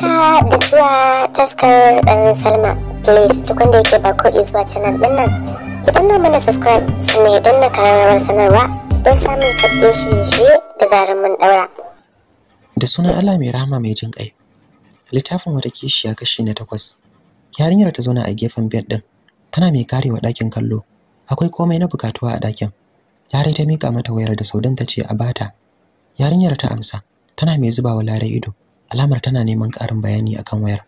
haka da zuwa taskar dan salma please duk wanda yake ba ko zuwa canal din nan ki danna mana subscribe sannan ya danna karamar sanarwa don samun sabbin shirye-shirye da zarar mun daura da sunan allah mai rahama mai jin kai littafin wata kishi kishiya kashi na takwas yarinyar ta zauna a gefen bed din tana mai karewa ɗakin kallo akwai komai na bukatuwa a ɗakin larai ta mika mata wayar da saudan ta ce a bata yarinyar ta amsa tana mai zubawa larai ido alamar tana neman ƙarin bayani akan wayar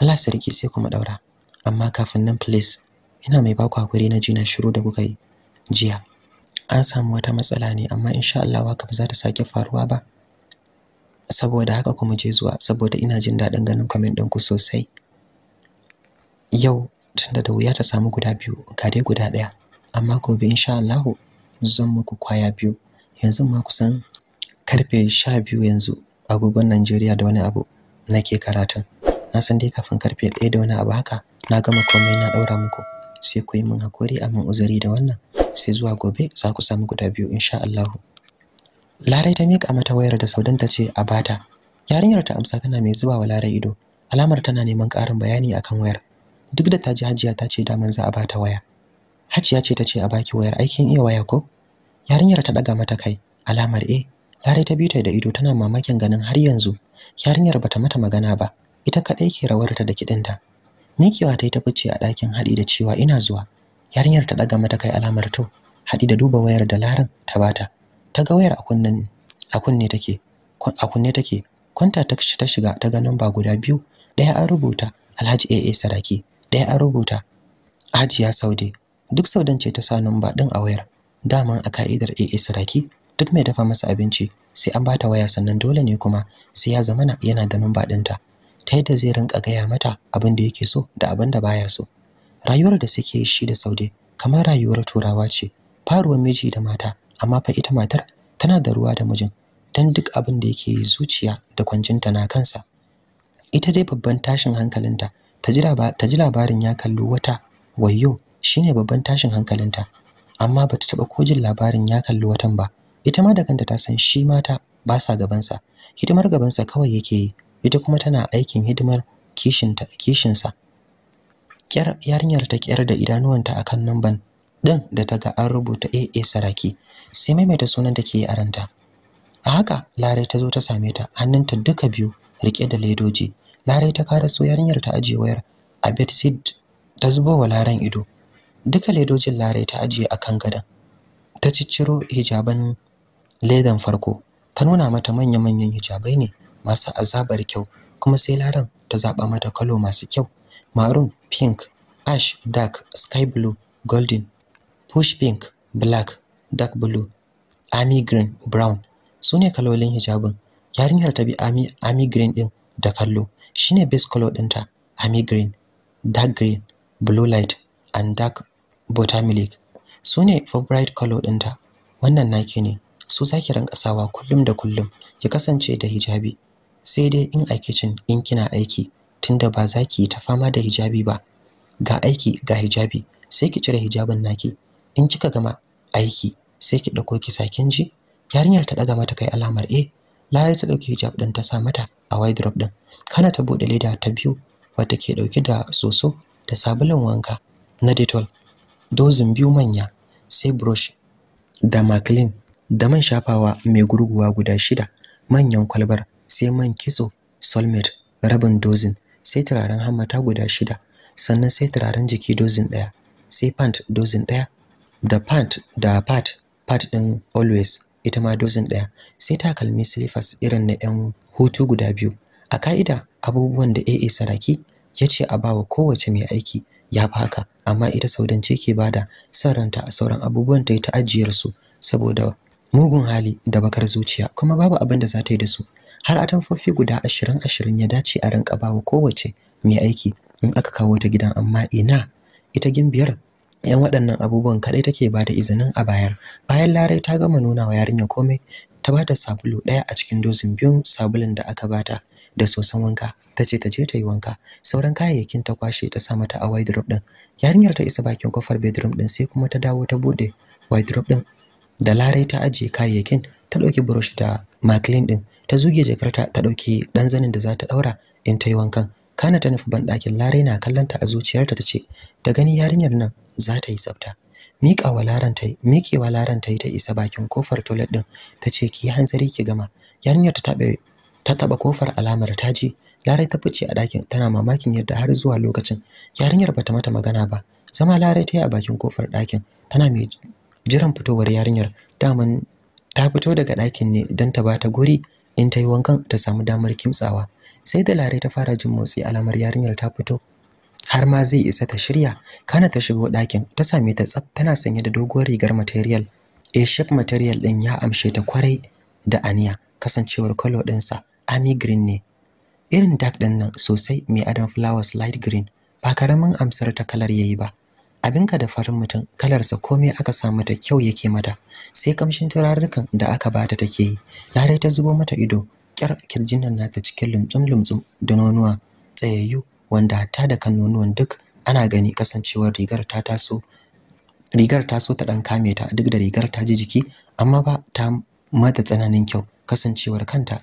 Allah sarki sai kuma daura amma kafin nan please ina mai baku hakuri na jina shiru da kuka yi jiya an samu wata matsala ne amma insha Allah waka ba za ta sake faruwa ba saboda haka kuma je zuwa saboda ina jin daɗin ganin comment ɗinku sosai yau tunda da wuya ta samu guda biyu ga dai guda ɗaya amma gobe insha Allah zan muku kwaya biyu yanzu ma kusan karfe sha biyu yanzu agogon Najeriya da wani abu nake karatun na san dai kafin karfe 1 da wani abu haka na gama komai na daura muku sai ku yi min hakuri a min uzuri da wannan sai zuwa gobe za ku samu guda biyu insha Allah Larai ta mika mata wayar da saudan ta ce a bata yarinyar ta amsa tana mai zuba wa Larai ido alamar tana neman karin bayani akan wayar duk da ta ji Hajiya ta ce daman za a bata waya Hajiya ce ta ce a baki wayar aikin iya waya ko yarinyar ta daga mata kai alamar eh Lare ta biyu bita da ido tana mamakin ganin har yanzu yarinyar bata mata magana ba, ita kadai ke rawar ta da kidinta. Mikiwa ta yi ta fice a ɗakin haɗi da cewa ina zuwa. Yarinyar ta ɗaga mata kai alamar to, Hadi da duba wayar da Laren ta bata. Ta ga wayar a kunnen a kunne take, a kunne take. Kwanta ta ta shiga ta ga namba guda biyu, ɗaya an rubuta Alhaji AA Saraki, ɗaya an rubuta Hajiya Saude. Duk saudan ce ta sa namba din a wayar. Dama a ka'idar AA Saraki duk mai dafa masa abinci sai an bata waya sannan dole ne kuma sai ya zamana yana da numba ɗinta ta yadda zai rinka gaya mata abin da yake so da abin da baya so rayuwar da suke shi da saude kamar rayuwar turawa ce faruwar miji da mata amma fa ita matar tana da ruwa da mijin dan duk abin da yake zuciya da kwancinta na kansa ita dai babban tashin hankalinta ta ji labarin ya kalli wata wayo shine babban tashin hankalinta amma bata taba kojin labarin ya kalli watan ba ita ma da kanta ta san shi mata ba sa gabansa hidimar gabansa kawai yake yi ita kuma tana aikin hidimar kishinta kishinsa kyar yarinyar ta kyar da idanuwanta akan namban din da ta ga an rubuta AA Saraki sai ta sunan da ke yi aranta a haka Lare ta zo ta same ta hannunta duka biyu rike da ledoji Lare ta kara so yarinyar ta ajiye wayar a bedsid ta zubo wa Laren ido duka ledojin Lare ta ajiye akan gadon ta cicciro hijaban ledan farko ta nuna mata manya-manyan hijabai ne masu azabar kyau kuma sai laran ta zaba mata kalo masu kyau maroon pink ash dark sky blue golden push pink black dark blue army green brown su ne kalolin hijabin yarinyar ta bi army, army green din da kallo shine base color dinta army green dark green blue light and dark buttermilk su ne favorite color dinta wannan naki ne su zaki ran kasawa kullum da kullum ki kasance da hijabi sai dai in a kitchen in kina aiki tunda ba za ki ta fama da hijabi ba ga aiki ga hijabi sai ki cire hijabin naki in kika gama aiki sai ki dauko ki sakin ji yarinyar ta daga mata kai alamar eh Ladi ta dauki hijab din ta sa mata a wardrobe din kana ta bude leda ta biyu wadda ke ɗauki da soso da sabulun wanka na detol, dozin biyu manya sai brush da maclean da man shafawa mai gurguwa guda shida manyan kwalbar sai man kitso solmate rabin dozin sai turaren hammata guda shida sannan sai turaren jiki dozin ɗaya sai pant dozin ɗaya da pant da pat pat ɗin always ita ma dozin ɗaya sai takalmi slippers irin na 'yan hutu guda biyu a ka'ida abubuwan da AA Saraki ya ce a bawa kowace mai aiki ya fi haka amma ita saudance ke bada son ranta a sauran abubuwan ta yi ta ajiyar saboda mugun hali da bakar zuciya kuma babu abin da za ta yi da su har atamfofi guda ashirin ashirin ya dace a rinka bawa kowace mai aiki in aka kawo ta gidan amma ina ita gimbiyar yan waɗannan abubuwan kaɗai take ba da izinin a bayar bayan larai ta gama nuna wa yarinya komai ta ba ta sabulu ɗaya a cikin dozin biyun sabulun da aka bata da sosan wanka ta ce ta je ta yi wanka sauran kayayyakin ta kwashe ta sa mata a wardrobe din yarinyar ta isa bakin kofar bedroom din sai kuma ta dawo ta bude wardrobe din da larai ta ajiye kayayyakin ta ɗauki brush da maklin ɗin ta zuge jakarta ta ɗauki ɗan zanin da za ta ɗaura in ta yi wankan kana ta nufi banɗakin larai na kallanta a zuciyarta ta ce da gani yarinyar nan za ta yi tsafta miƙawa laran ta miƙewa laran ta yi ta isa bakin kofar toilet ɗin ta ce ki hanzari ki gama yarinyar ta taɓa ta taɓa kofar alamar taji larai ta fice a ɗakin tana mamakin yadda har zuwa lokacin yarinyar bata mata magana ba zama larai ta yi a bakin kofar ɗakin tana mai jiran fitowar yarinyar daman ta fito daga ɗakin ne don ta bata guri in ta yi wankan ta samu damar kimtsawa sai da lare ta fara jin motsi alamar yarinyar ta fito har ma zai isa ta shirya kana ta shigo ɗakin ta same ta tsaf tana sanye da doguwar rigar material a eh, shape material ɗin ya amshe ta kwarai da aniya kasancewar kwalo ɗinsa army green ne irin dark ɗin nan sosai mai adon flowers light green ba karamin amsar ta kalar yayi ba abinka da farin mutum kalarsa komai aka sa mata kyau yake mata sai kamshin turarrukan da aka bata take yi Lare ta zubo mata ido kyar kirjin nan nata cikin lumtsum lumtsum da nonuwa tsayayyu wanda hatta da kan nonuwan duk ana gani kasancewar rigar ta taso rigar ta so ta dan kame ta duk da rigar ta ji jiki amma ba ta mata tsananin kyau kasancewar kanta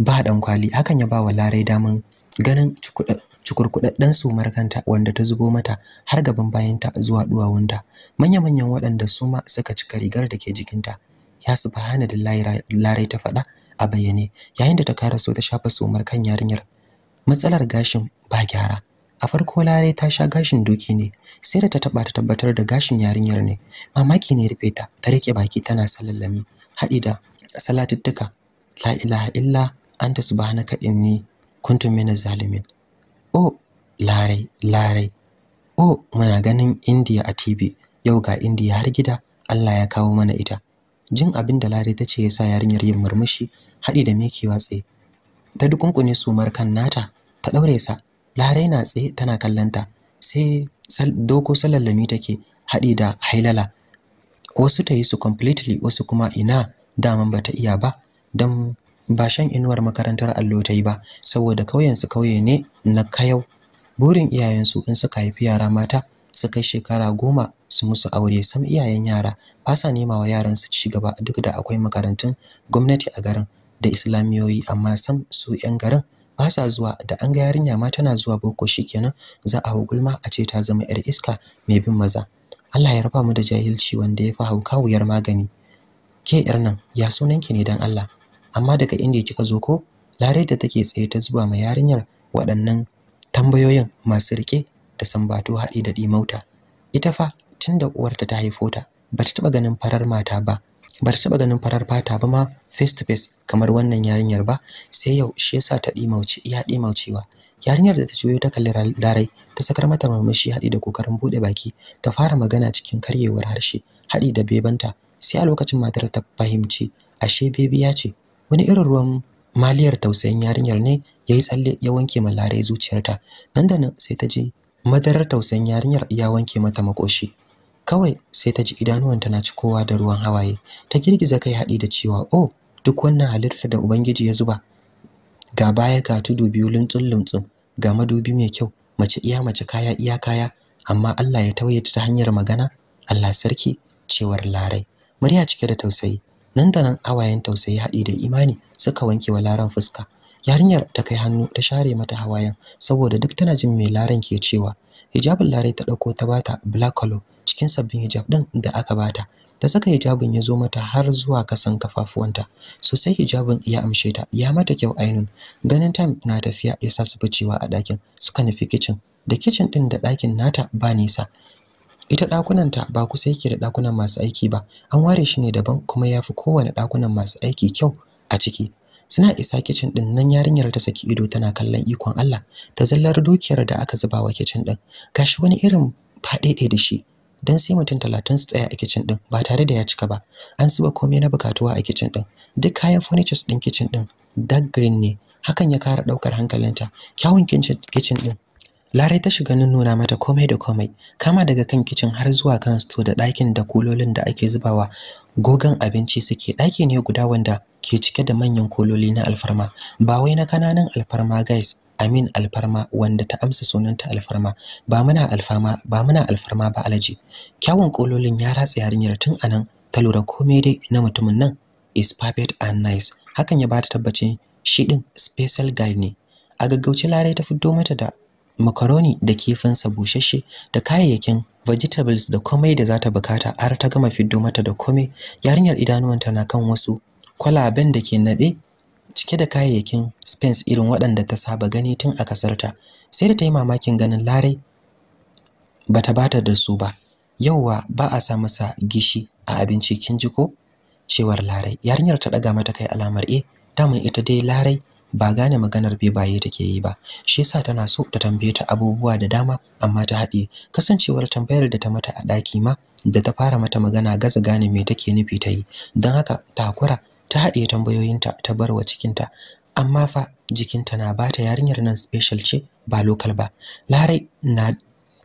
ba dan kwali hakan ya ba wa larai daman ganin cukurkuɗaɗɗen su Markanta wanda ta zubo mata har gaban bayanta zuwa duwawunta manya-manyan waɗanda su ma suka cika rigar da ke jikinta ya da larai ta faɗa a bayyane yayin da ta kara so ta shafa sumar kan yarinyar matsalar gashin ba gyara a farko larai ta sha gashin doki ne sai da ta taba ta tabbatar da gashin yarinyar ne mamaki ne rufe ta ta rike baki tana sallallami haɗi da salatuttuka la ilaha illa anta subhanaka inni kuntu minaz zalimin oh larai larai oh muna ganin indiya a tv yau ga indiya har gida allah ya kawo mana ita jin abin da larai ta ce ya sa yarinyar yin murmushi haɗi da mikiwa tsaye ta dukunkune sumar kan nata ta ɗaure sa larai na tsaye tana kallonta sai doko salallami take haɗi da hailala wasu ta yi su completely wasu kuma ina daman ba ta iya ba don ba shan inuwar makarantar allo ta yi ba saboda su kauye ne na kayau burin iyayensu in suka haifi yara mata su kai shekara goma su musu aure sam iyayen yara ba sa nema wa yaransu ci gaba duk da akwai makarantun gwamnati a garin da islamiyoyi amma sam su 'yan garin ba sa zuwa da an ga yarinya ma tana zuwa boko kenan, za a gulma a ce ta zama 'yar iska mai bin maza Allah ya rafa mu da jahilci wanda ya fi hauka wuyar magani ke 'yar nan ya sunanki ne dan Allah amma daga inda kika zo ko lare da take tsaye ta zuba ma yarinyar waɗannan tambayoyin masu rike da sambato haɗi da ɗimauta ita fa tunda uwarta ta haifo ta ba ta taɓa ganin farar mata ba ba ta taɓa ganin farar fata ba ma face to face kamar wannan yarinyar ba sai yau shi yasa ta dimauci ya dimaucewa yarinyar da ta juyo ta kalli larai ta sakar mata murmushi haɗi da kokarin buɗe baki ta fara magana cikin karyewar harshe haɗi da bebanta sai a lokacin matar ta fahimci ashe bebiya ce wani irin ruwan maliyar tausayin yarinyar ne ya yi tsalle ya wanke ma Larai zuciyarta nan da nan sai ta ji madarar tausayin yarinyar ya wanke mata makoshi kawai sai ta ji idanuwanta na cikowa da ruwan hawaye ta girgiza kai haɗi da cewa oh duk wannan halittar da ubangiji ya zuba ga baya ga tudu biyu luntsun luntsun ga madubi mai kyau mace iya mace kaya iya kaya amma Allah ya tauye ta hanyar magana Allah sarki cewar Larai murya cike da tausayi nan da nan hawayen tausayi haɗi da imani suka wanke wa laran fuska yarinyar ta kai hannu ta share mata hawayen saboda duk tana jin mai laran ke cewa hijabin larai ta ɗauko ta bata black color cikin sabbin hijab ɗin da aka bata ta saka hijabin ya zo mata har zuwa kasan kafafuwanta sosai hijabin ya amshe ta ya mata kyau ainun ganin time na tafiya ya sa su ficewa a ɗakin suka nufi kicin da kicin ɗin da ɗakin nata ba nisa ita ɗakunanta ba kusa yake da ɗakunan masu aiki ba an ware shi ne daban kuma yafi kowane ɗakunan masu aiki kyau a ciki suna isa kicin din nan yarinyar ta saki ido tana kallon ikon Allah ta zallar dukiyar da aka zuba wa kicin din gashi wani irin faɗe-ɗe da shi dan sai mutum talatin su tsaya a kicin din ba tare da ya cika ba an zuba komai na bukatuwa a kicin din duk kayan furnitures din kicin din dark green ne hakan ya kara daukar hankalinta kyawun kicin din Larai ta shiga nuna mata komai da komai, kama daga kan kicin har zuwa kan sto da ɗakin da kulolin da ake zubawa gogan abinci suke. Ɗaki ne guda wanda ke cike da manyan kuloli na alfarma, ba wai na kananan alfarma guys. Amin Alfarma wanda ta amsa sunanta Alfarma ba muna alfarma. ba muna alfarma ba alaji kyawun kulolin ya ratsa yarinyar tun anan ta lura komai dai na mutumin nan is perfect and nice hakan ya bata tabbacin shi din special guy ne a gaggauce Larai ta fito mata da macaroni da kifinsa bushashe da kayayyakin vegetables da komai da zata bukata har ta gama fiddo mata da komai yarinyar idanuwanta na kan wasu kwalaben da ke nade cike da kayayyakin spence irin waɗanda ta saba gani tun a kasarta sai da ta yi mamakin ganin larai bata bata da su ba yauwa ba a sa masa gishi a abinci kin ji ko cewar larai yarinyar ta ɗaga mata kai alamar e eh, damun ita dai larai ba gane maganar bebaye take yi ba shi yasa tana so ta tambaye ta abubuwa da dama amma ta haɗiye. kasancewar tambayar da ta mata a ɗaki ma da ta fara mata magana gaza gane me take nufi ta yi don haka ta hakura ta haɗiye tambayoyinta ta barwa cikinta amma fa jikinta na bata yarinyar nan special ce ba local ba larai na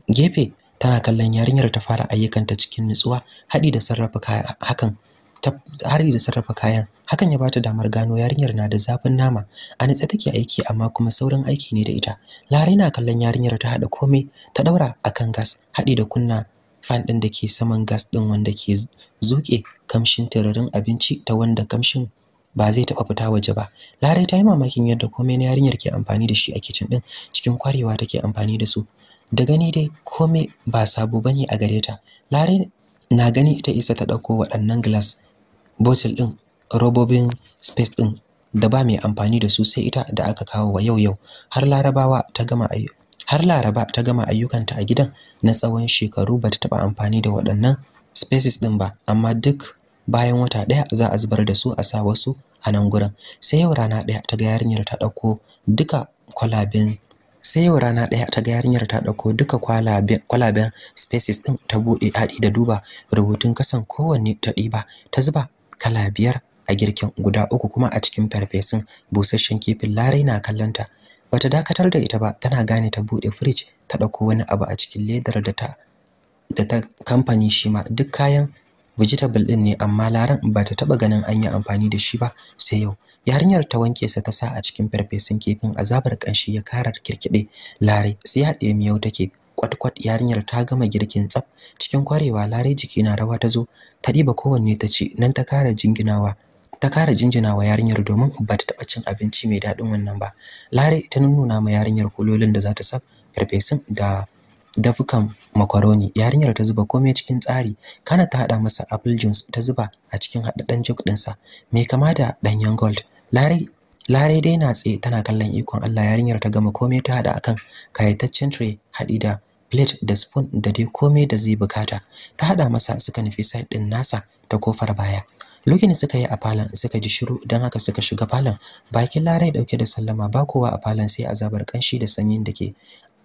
gefe tana kallon yarinyar ta fara ayyukanta cikin nutsuwa haɗi da sarrafa hakan ta da sarrafa kayan hakan ya bata damar gano yarinyar na da zafin nama a nitsa take aiki amma kuma saurin aiki ne da ita larai na kallon yarinyar ta hada komai ta daura akan gas hadi da kunna fan din da ke saman gas din wanda ke zuke kamshin tararin abinci ta wanda kamshin ba zai taba fita waje ba larai ta yi mamakin yadda komai na yarinyar ke amfani da shi a kitchen din cikin kwarewa take amfani da su da gani dai komai ba sabo bane a gare ta larai na gani ita isa ta dauko waɗannan glass bottle din robobin space din da ba mai amfani da su sai ita da aka kawo wa yau yau har larabawa ta gama har laraba ta gama ayyukanta a gidan na tsawon shekaru ba ta taba amfani da waɗannan spaces din ba amma duk bayan wata ɗaya za a zubar da su a sa wasu a nan gurin sai yau rana ɗaya ta ga yarinyar ta ɗauko duka kwalaben sai yau rana ɗaya ta ga yarinyar ta ɗauko duka kwalaben spaces ɗin ta buɗe haɗi da duba rubutun kasan kowanne ta ɗiba ta zuba kala biyar a girkin guda uku kuma a cikin farfesun busasshen kifin larai na kallonta bata dakatar da ita ba tana gane ta bude fridge ta dauko wani abu a cikin ledar da ta da ta kamfani shi ma duk kayan vegetable din ne amma laran bata taba ganin an yi amfani da shi ba sai yau yarinyar ta wanke sa ta sa a cikin farfesun kifin azabar kanshi ya karar kirkide larai sai ya haɗe miyau take kwatkwat yarinyar ta gama girkin tsaf cikin kwarewa larai jiki na rawa ta zo ta ɗiba kowanne ta ce, nan ta kara jinginawa ta kara jinjina wa yarinyar domin ba ta taɓa cin abinci mai daɗin wannan ba lare ta nuna ma yarinyar kulolin da za ta sa farfesun da dafukan makaroni yarinyar ta zuba komai cikin tsari kana ta haɗa masa apple juice ta zuba a cikin haɗaɗɗen jug sa mai kama da ɗanyen gold lare lare dai na tsaye tana kallon ikon allah yarinyar ta gama komai ta haɗa akan kayataccen tray haɗi da plate da spoon da dai komai da zai bukata ta haɗa masa suka nufi side ɗin nasa ta kofar baya Lokin suka yi a falon suka ji shiru don haka suka shiga falon bakin larai dauke da sallama ba kowa a falon sai azabar kanshi da sanyin dake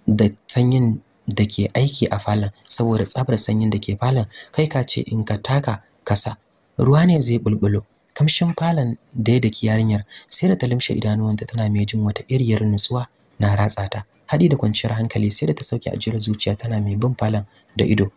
da sanyin dake aiki a falon saboda tsabar sanyin dake falon kai ka ce in ka taka kasa ruwa ne zai bulbulo kamshin falon da ya daki yarinyar sai da ta limshe idanuwanta tana mai jin wata iriyar nutsuwa na ratsa ta haɗi da kwanciyar hankali sai da ta sauke ajiyar zuciya tana mai bin falon da ido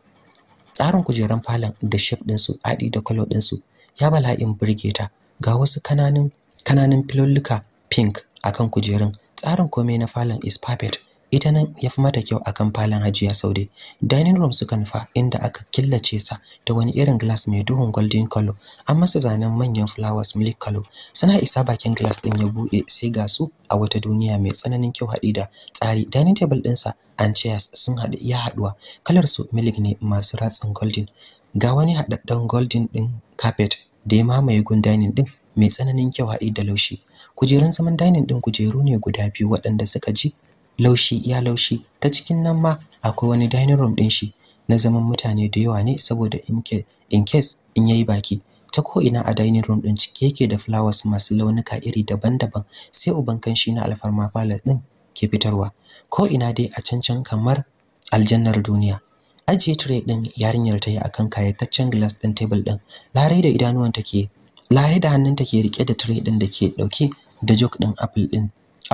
tsarin kujeran falon da shape ɗinsu haɗi da kwalo ɗinsu ya bala'in burge ta ga wasu kananan kananan filolluka pink akan kujerun tsarin komai na falon is perfect ita nan ya fi mata kyau akan falon hajiya saude dining room suka nufa inda aka killace sa da wani irin glass mai duhun golden color an masa zanen manyan flowers milk color suna isa bakin glass din ya bude sai ga su a wata duniya mai tsananin kyau haɗi da tsari dining table ɗinsa and chairs sun haɗu iya haɗuwa kalar su milk ne masu ratsin golden ga wani haɗaɗɗen golden ɗin kafet da ya mamaye gun dining din mai tsananin kyau haɗi da laushi kujerun zaman dining din kujeru ne guda biyu waɗanda suka ji laushi ya laushi ta cikin nan ma akwai wani dining room din shi na zaman mutane da yawa ne saboda in case in yayi baki ta ko ina a dining room din cike yake da flowers masu launuka iri daban-daban sai uban kanshi na alfarma palace din ke fitarwa ko ina dai a cancan kamar aljannar duniya ajiye tire din yarinyar ta yi akan kayataccen glass din table din lare da idanuwan take lare da hannun take rike da tire din dake dauke da jug din apple din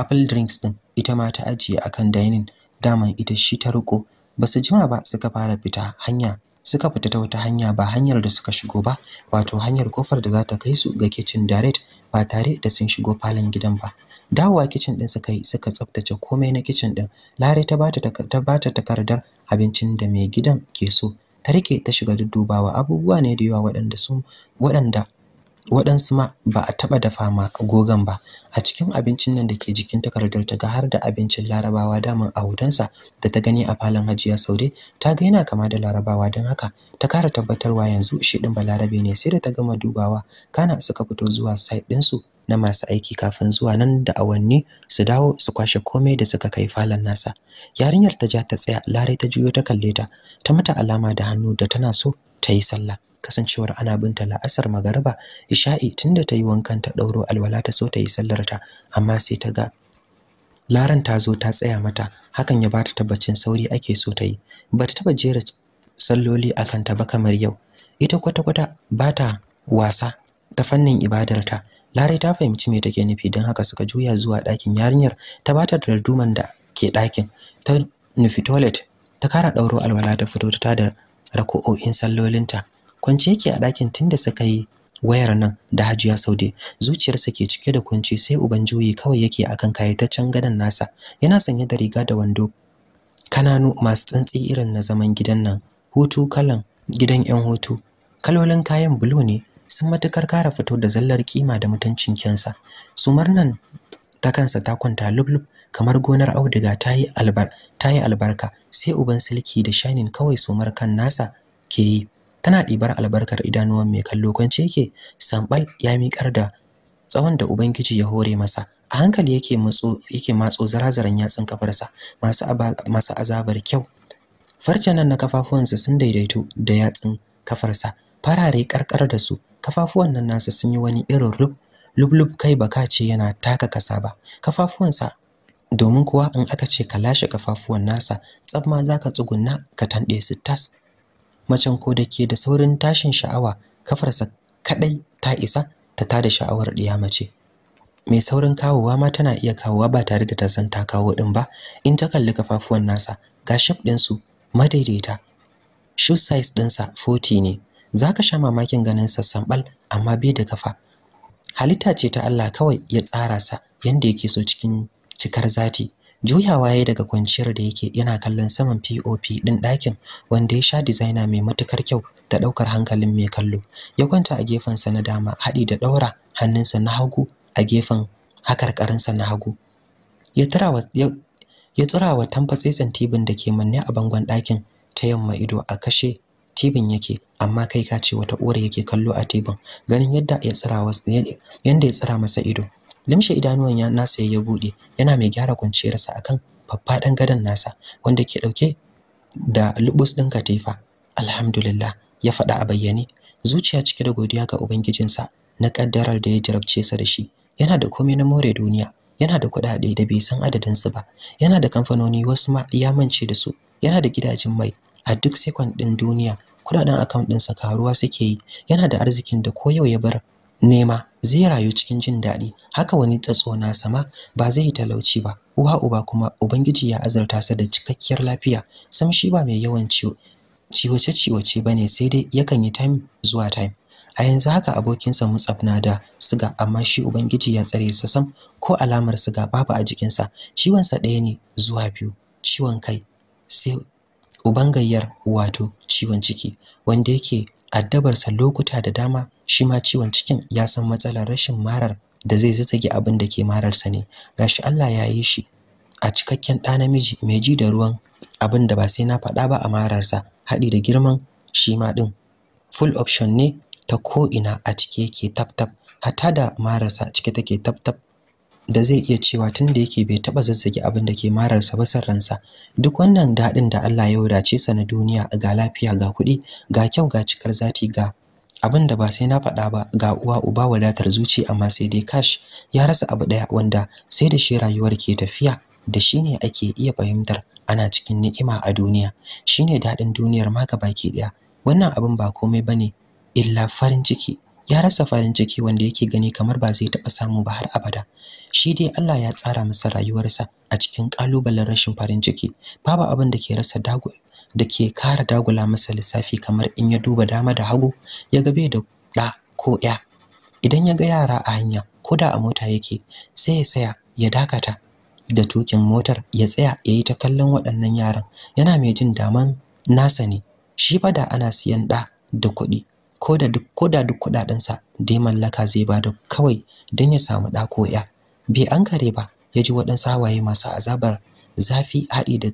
apple drinks din ita ma ta ajiye akan dining daman ita shi ta riko basu jima ba suka fara fita hanya suka fita ta wata hanya ba hanyar da suka shigo ba wato hanyar kofar da za ta kai su ga kitchen direct ba tare da sun shigo falon gidan ba dawowa kitchen din suka yi suka tsaftace komai na kitchen din lare ta bata ta bata takardar abincin da mai gidan ke so ta rike ta shiga dudubawa abubuwa ne da yawa waɗanda su waɗanda waɗansu ma ba a taɓa dafa ma gogan ba a cikin abincin nan da ke jikin takardar ta ga har da abincin larabawa daman a hudansa da ta gani a falon hajiya saude ta ga yana kama da larabawa don haka ta kara tabbatarwa yanzu shi ɗin balarabe ne sai da ta gama dubawa kana suka fito zuwa site ɗinsu na masu aiki kafin zuwa nan da awanni su dawo su kwashe komai da suka kai falon nasa yarinyar ta ja ta tsaya larai ta juyo ta kalle ta ta mata alama da hannu da tana so ta yi sallah kasancewar ana binta la'asar magaraba, isha'i tunda ta yi wankan ta ɗauro alwala ta so ta yi sallar ta amma sai ta ga laran ta zo ta tsaya mata hakan ya bata tabbacin sauri ake so ta yi bata taba jera salloli akan ta ba kamar yau ita kwata-kwata bata wasa ta fannin ibadarta Lare ta fahimci me take nufi don haka suka juya zuwa ɗakin yarinyar ta bata da darduman da ke ɗakin ta nufi toilet ta kara ɗauro alwala ta fito ta da rako'o'in sallolinta kwance yake a ɗakin tunda suka yi wayar nan da Hajiya Saude zuciyarsa ke cike da kwanci sai uban juyi kawai yake akan kayataccen gadon nasa yana sanye da riga da wando kananu masu tsantsi irin na zaman gidan nan hutu kalan gidan yan hutu kalolin kayan bulu ne sun matukar kara fito da zallar kima da mutuncin kyansa sumar nan ta kansa ta kwanta lublub kamar gonar auduga ta yi albar albarka sai uban silki da shanin kawai sumar kan nasa ke yi tana ɗibar albarkar idanuwan mai kallo kwance yake sambal ya miƙar da tsawon da ubangiji ya hore masa a hankali yake matso yake matso zarazaran yatsun kafarsa masu masu azabar kyau nan na kafafuwansa sun daidaito da yatsun kafarsa farare karkar da su kafafuwan nan nasa sun yi wani irin rub lub kai baka ce yana taka kasa ba kafafuwansa domin kuwa in aka ce ka lashe kafafuwan nasa tsamma zaka tsugunna ka tande su tas macen ko da ke da saurin tashin sha'awa kafarsa kadai ta isa ta tada sha'awar diya mace mai saurin kawowa ma tana iya kawowa ba tare da ta san ta kawo din ba in ta kalli kafafuwan nasa ga shape din su madaidaita shoe size din sa 40 ne zaka sha mamakin ganin sa sambal amma bai da kafa halitta ce ta Allah kawai ya tsara sa yanda yake so cikin cikar zati juyawa ya daga kwanciyar da yake yana kallon saman pop din ɗakin wanda ya sha designer mai matukar kyau da ɗaukar hankalin mai kallo ya kwanta a gefen sa na dama haɗi da ɗaura hannunsa na hagu a gefen hakarkarinsa na hagu ya turawa ya tsurawa tamfatsetsen tibin da ke manne a bangon ɗakin ta yamma ido a kashe tibin yake amma kai ka ce wata ore yake kallo a tibin ganin yadda ya yanda ya tsira masa ido limshe idanuwan ya nasa ya bude yana mai gyara kwanciyarsa akan faffadan gadon nasa wanda ke dauke da lubus din katifa alhamdulillah ya faɗa a bayyane zuciya cike da godiya ga ubangijinsa na kaddarar da ya jarabce sa da shi yana da komai na more duniya yana da kuɗaɗe da bai san adadin su ba yana da kamfanoni wasu ma ya mance da su yana da gidajen mai a duk sekon din duniya kuɗaɗen account sa karuwa suke yi yana da arzikin da ko yau ya bar nema zai rayu cikin jin daɗi haka wani tsatso na sama ba zai yi talauci ba uwa uba kuma ubangiji ya azurta sa da cikakkiyar lafiya sam shi ba mai yawan ciwo ciwace ciwace bane sai dai yakan yi time zuwa time a yanzu haka abokinsa Mutsaf na da siga amma shi ubangiji ya tsare sa sam ko alamar siga babu a jikinsa sa ɗaya ne zuwa biyu ciwon kai sai ubangayyar wato ciwon ciki wanda yake addabarsa lokuta da dama shi ma ciwon cikin ya san matsalar rashin marar da zai zazzage abin da ke mararsa ne gashi Allah ya yi shi a cikakken ɗa namiji mai ji da ruwan abin da ba sai na faɗa ba a mararsa haɗi da girman shi ma ɗin full option ne ta ko'ina a cike yake tap tap hatta da mararsa cike take tap tap da zai iya cewa tun da yake bai taba zazzage abin da ke mararsa ba ransa duk wannan daɗin da Allah ya wadace sa na duniya ga lafiya ga kuɗi ga kyau ga cikar zati ga abin da ba sai na faɗa ba ga uwa uba wadatar zuci amma sai dai kash ya rasa abu ɗaya wanda sai da shi rayuwar ke tafiya da shi ne ake iya fahimtar ana cikin ni'ima a duniya shine daɗin duniyar ma ga baki ɗaya wannan abin ba komai bane illa farin ciki ya rasa farin ciki wanda yake gani kamar ba zai taɓa samu ba har abada shi dai Allah ya tsara masa rayuwarsa a cikin ƙalubalen rashin farin ciki babu abin da ke rasa dago da ke kara dagula masa lissafi kamar in ya duba dama da hagu ya ga bai da ɗa ko ya idan ya ga yara a hanya ko da a mota yake sai ya saya ya dakata da tukin motar ya tsaya ya yi ta kallon waɗannan yaran yana mai jin daman nasa ne shi fa da ana siyan ɗa da kuɗi ko da duk ko da duk kuɗaɗensa da ya mallaka zai ba da kawai don ya samu ɗa ko ya bai an kare ba ya ji waɗansu hawaye masu azabar zafi haɗi da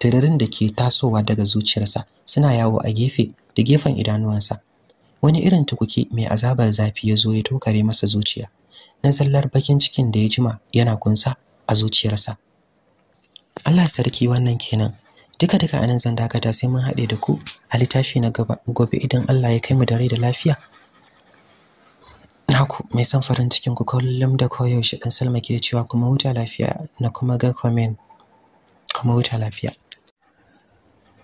tiririn da ke tasowa daga zuciyarsa suna yawo a gefe da gefen idanuwansa wani irin tukuki mai azabar zafi ya zo ya tokare masa zuciya na zallar bakin cikin da ya jima yana kunsa a zuciyarsa Allah sarki wannan kenan duka duka anan zan dakata sai mun haɗe da ku a littafi na gaba gobe idan Allah ya kai mu da rai da lafiya Na ku mai son farin cikin ku kullum da koyaushe dan Salma ke cewa kuma huta lafiya na kuma ga comment kuma huta lafiya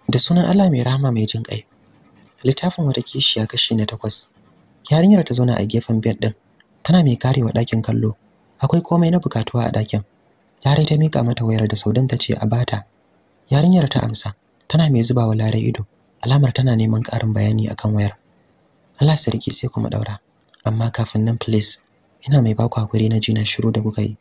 da sunan Allah mai rahama mai jin kai littafin wata kishiya kashi na takwas yarinyar ta zauna a gefen bed din tana mai karewa ɗakin kallo akwai komai na bukatuwa a dakin Larai ta mika mata wayar da saudan ta ce a bata Yarinyar ta amsa, tana mai zuba wa Larai ido, alamar tana neman ƙarin bayani akan wayar. Allah sarki sai kuma daura. Amma kafin nan please, ina mai baku hakuri na ji na shiru da kuka yi.